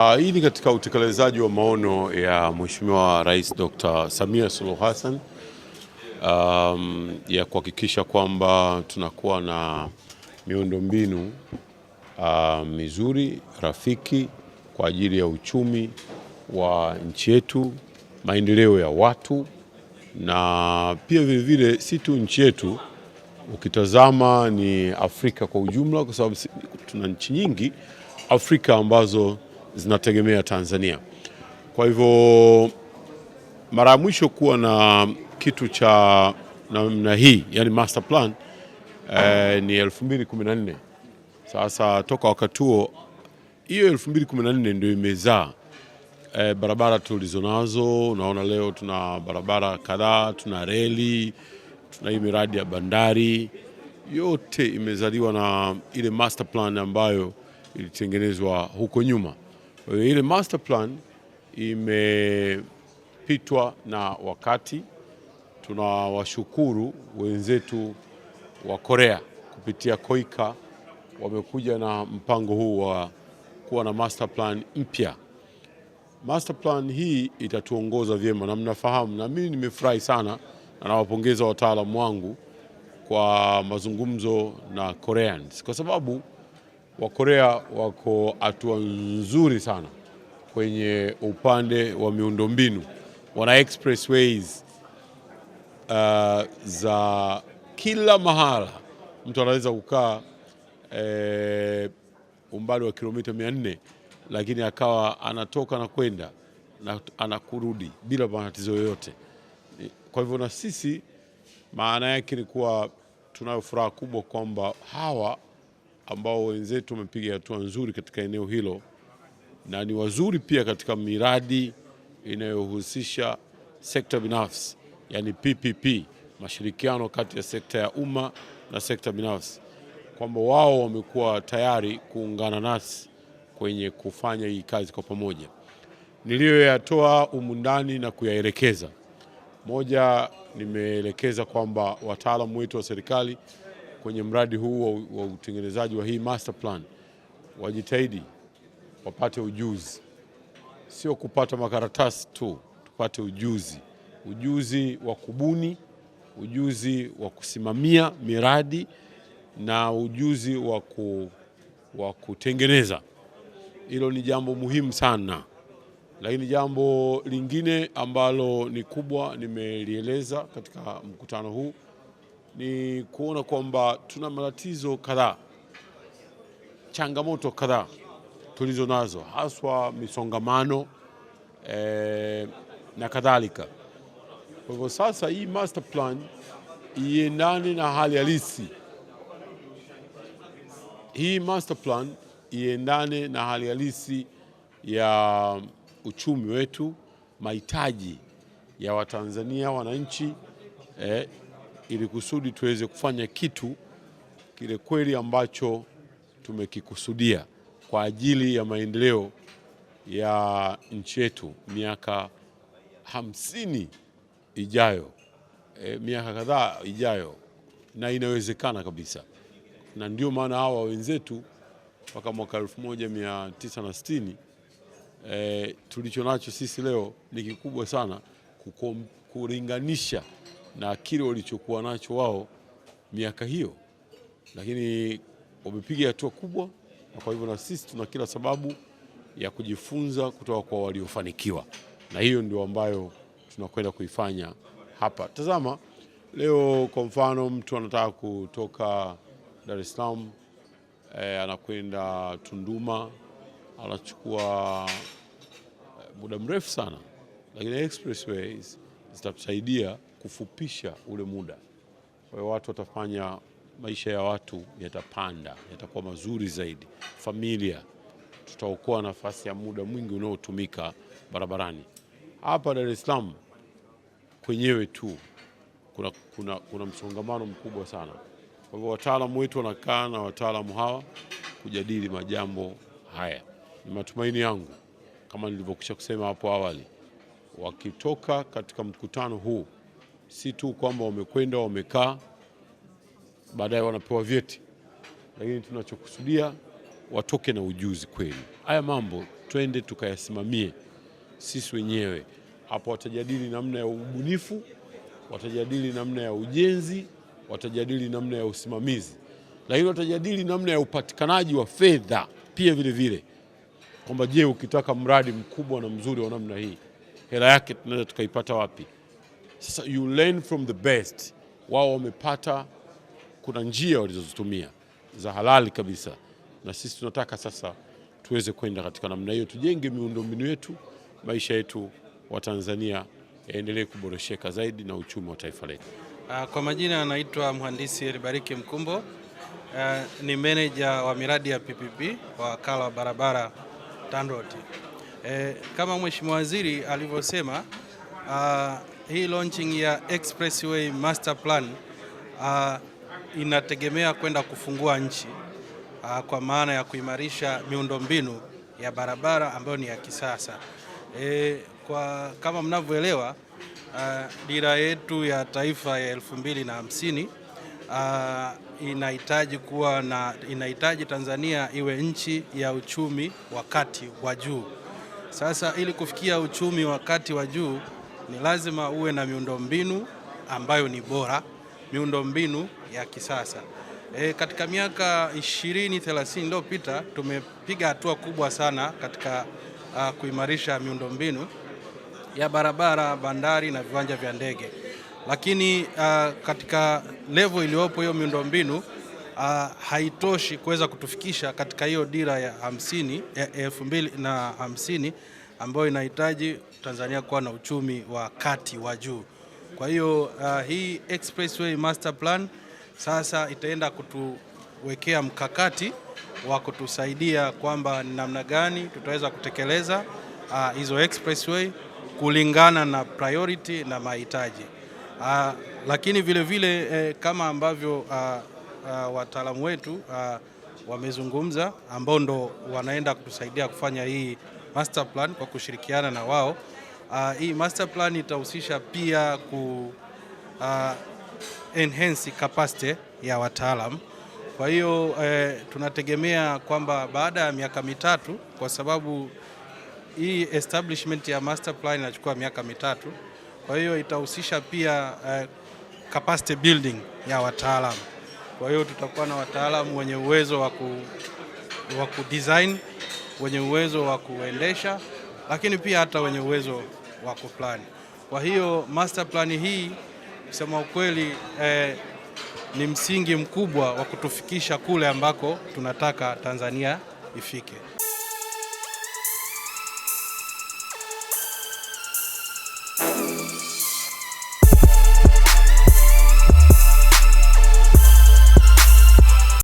Uh, hii ni katika utekelezaji wa maono ya Mheshimiwa Rais Dr. Samia Suluhu Hassan um, ya kuhakikisha kwamba tunakuwa na miundombinu uh, mizuri rafiki kwa ajili ya uchumi wa nchi yetu, maendeleo ya watu na pia vilevile si tu nchi yetu, ukitazama ni Afrika kwa ujumla, kwa sababu tuna nchi nyingi Afrika ambazo zinategemea Tanzania. Kwa hivyo mara ya mwisho kuwa na kitu cha namna hii yani master plan eh, ni 2014. Sasa toka wakati huo hiyo 2014 ndio imezaa eh, barabara tulizonazo. Unaona leo tuna barabara kadhaa, tuna reli, tuna hii miradi ya bandari, yote imezaliwa na ile master plan ambayo ilitengenezwa huko nyuma. Eh, ile master plan imepitwa na wakati. Tunawashukuru wenzetu wa Korea kupitia Koika wamekuja na mpango huu wa kuwa na master plan mpya. Master plan hii itatuongoza vyema, na mnafahamu, na mimi nimefurahi sana na nawapongeza wataalamu wangu kwa mazungumzo na Koreans kwa sababu Wakorea wako hatua nzuri sana kwenye upande wa miundombinu, wana expressways uh, za kila mahala. Mtu anaweza kukaa eh, umbali wa kilomita mia nne lakini akawa anatoka na kwenda na anakurudi bila matatizo yoyote. Kwa hivyo na sisi, maana yake ni kuwa tunayo furaha kubwa kwamba hawa ambao wenzetu wamepiga hatua nzuri katika eneo hilo na ni wazuri pia katika miradi inayohusisha sekta binafsi, yani PPP, mashirikiano kati ya sekta ya umma na sekta binafsi, kwamba wao wamekuwa tayari kuungana nasi kwenye kufanya hii kazi kwa pamoja. Niliyoyatoa umundani ndani na kuyaelekeza, moja, nimeelekeza kwamba wataalamu wetu wa serikali kwenye mradi huu wa utengenezaji wa hii master plan wajitahidi wapate ujuzi, sio kupata makaratasi tu, tupate ujuzi, ujuzi wa kubuni, ujuzi wa kusimamia miradi na ujuzi wa ku wa kutengeneza. Hilo ni jambo muhimu sana, lakini jambo lingine ambalo ni kubwa nimelieleza katika mkutano huu ni kuona kwamba tuna matatizo kadhaa, changamoto kadhaa tulizo nazo, haswa misongamano eh, na kadhalika. Kwa hivyo sasa hii master plan iendane na hali halisi, hii master plan iendane na hali halisi ya uchumi wetu, mahitaji ya Watanzania wananchi eh, ili kusudi tuweze kufanya kitu kile kweli ambacho tumekikusudia kwa ajili ya maendeleo ya nchi yetu miaka hamsini ijayo, e, miaka kadhaa ijayo, na inawezekana kabisa, na ndio maana hawa wenzetu mpaka mwaka 1960 e, tulicho nacho sisi leo ni kikubwa sana kukom, na kile walichokuwa nacho wao miaka hiyo, lakini wamepiga hatua kubwa, na kwa hivyo na sisi tuna kila sababu ya kujifunza kutoka kwa waliofanikiwa, na hiyo ndio ambayo tunakwenda kuifanya hapa. Tazama leo kwa mfano, mtu anataka kutoka Dar es Salaam e, anakwenda Tunduma, anachukua eh, muda mrefu sana, lakini expressways zitatusaidia kufupisha ule muda. Kwa hiyo watu watafanya, maisha ya watu yatapanda, yatakuwa mazuri zaidi. Familia, tutaokoa nafasi ya muda mwingi unaotumika barabarani. Hapa Dar es Salaam kwenyewe tu kuna, kuna, kuna msongamano mkubwa sana. Kwa hivyo wataalamu wetu wanakaa na wataalamu hawa kujadili majambo haya. Ni matumaini yangu kama nilivyokwisha kusema hapo awali, wakitoka katika mkutano huu si tu kwamba wamekwenda wamekaa, baadaye wanapewa vyeti, lakini tunachokusudia watoke na ujuzi kweli. Haya mambo twende tukayasimamie sisi wenyewe. Hapo watajadili namna ya ubunifu, watajadili namna ya ujenzi, watajadili namna ya usimamizi, lakini watajadili namna ya upatikanaji wa fedha pia vile vile, kwamba je, ukitaka mradi mkubwa na mzuri wa namna hii hela yake tunaweza tukaipata wapi? Sasa you learn from the best. Wao wamepata, kuna njia walizozitumia za halali kabisa, na sisi tunataka sasa tuweze kwenda katika namna hiyo, tujenge miundombinu yetu, maisha yetu wa Tanzania yaendelee kuboresheka zaidi na uchumi wa taifa letu. Ah, kwa majina anaitwa mhandisi Elibariki Mkumbo, uh, ni meneja wa miradi ya PPP wa wakala wa barabara TANROADS. Eh, kama mheshimiwa waziri alivyosema, uh, hii launching ya Expressway Master Plan uh, inategemea kwenda kufungua nchi uh, kwa maana ya kuimarisha miundombinu ya barabara ambayo ni ya kisasa e, kwa kama mnavyoelewa uh, dira yetu ya taifa ya 2050 uh, inahitaji kuwa na inahitaji Tanzania iwe nchi ya uchumi wa kati wa juu. Sasa ili kufikia uchumi wa kati wa juu ni lazima uwe na miundombinu ambayo ni bora, miundombinu ya kisasa. E, katika miaka 20 30 iliyopita tumepiga hatua kubwa sana katika uh, kuimarisha miundombinu ya barabara, bandari na viwanja vya ndege, lakini uh, katika levo iliyopo hiyo miundombinu uh, haitoshi kuweza kutufikisha katika hiyo dira ya 50 ya na ambayo inahitaji Tanzania kuwa na uchumi wa kati wa juu. Kwa hiyo uh, hii expressway master plan sasa itaenda kutuwekea mkakati wa kutusaidia kwamba ni namna gani tutaweza kutekeleza uh, hizo expressway kulingana na priority na mahitaji uh, lakini vilevile vile, eh, kama ambavyo uh, uh, wataalamu wetu uh, wamezungumza ambao ndo wanaenda kutusaidia kufanya hii master plan kwa kushirikiana na wao. Uh, hii master plan itahusisha pia ku uh, enhance capacity ya wataalam. Kwa hiyo eh, tunategemea kwamba baada ya miaka mitatu, kwa sababu hii establishment ya master plan inachukua miaka mitatu, kwa hiyo itahusisha pia eh, capacity building ya wataalam. Kwa hiyo tutakuwa na wataalamu wenye uwezo wa ku design wenye uwezo wa kuendesha, lakini pia hata wenye uwezo wa kuplani. Kwa hiyo master plan hii kusema ukweli eh, ni msingi mkubwa wa kutufikisha kule ambako tunataka Tanzania ifike.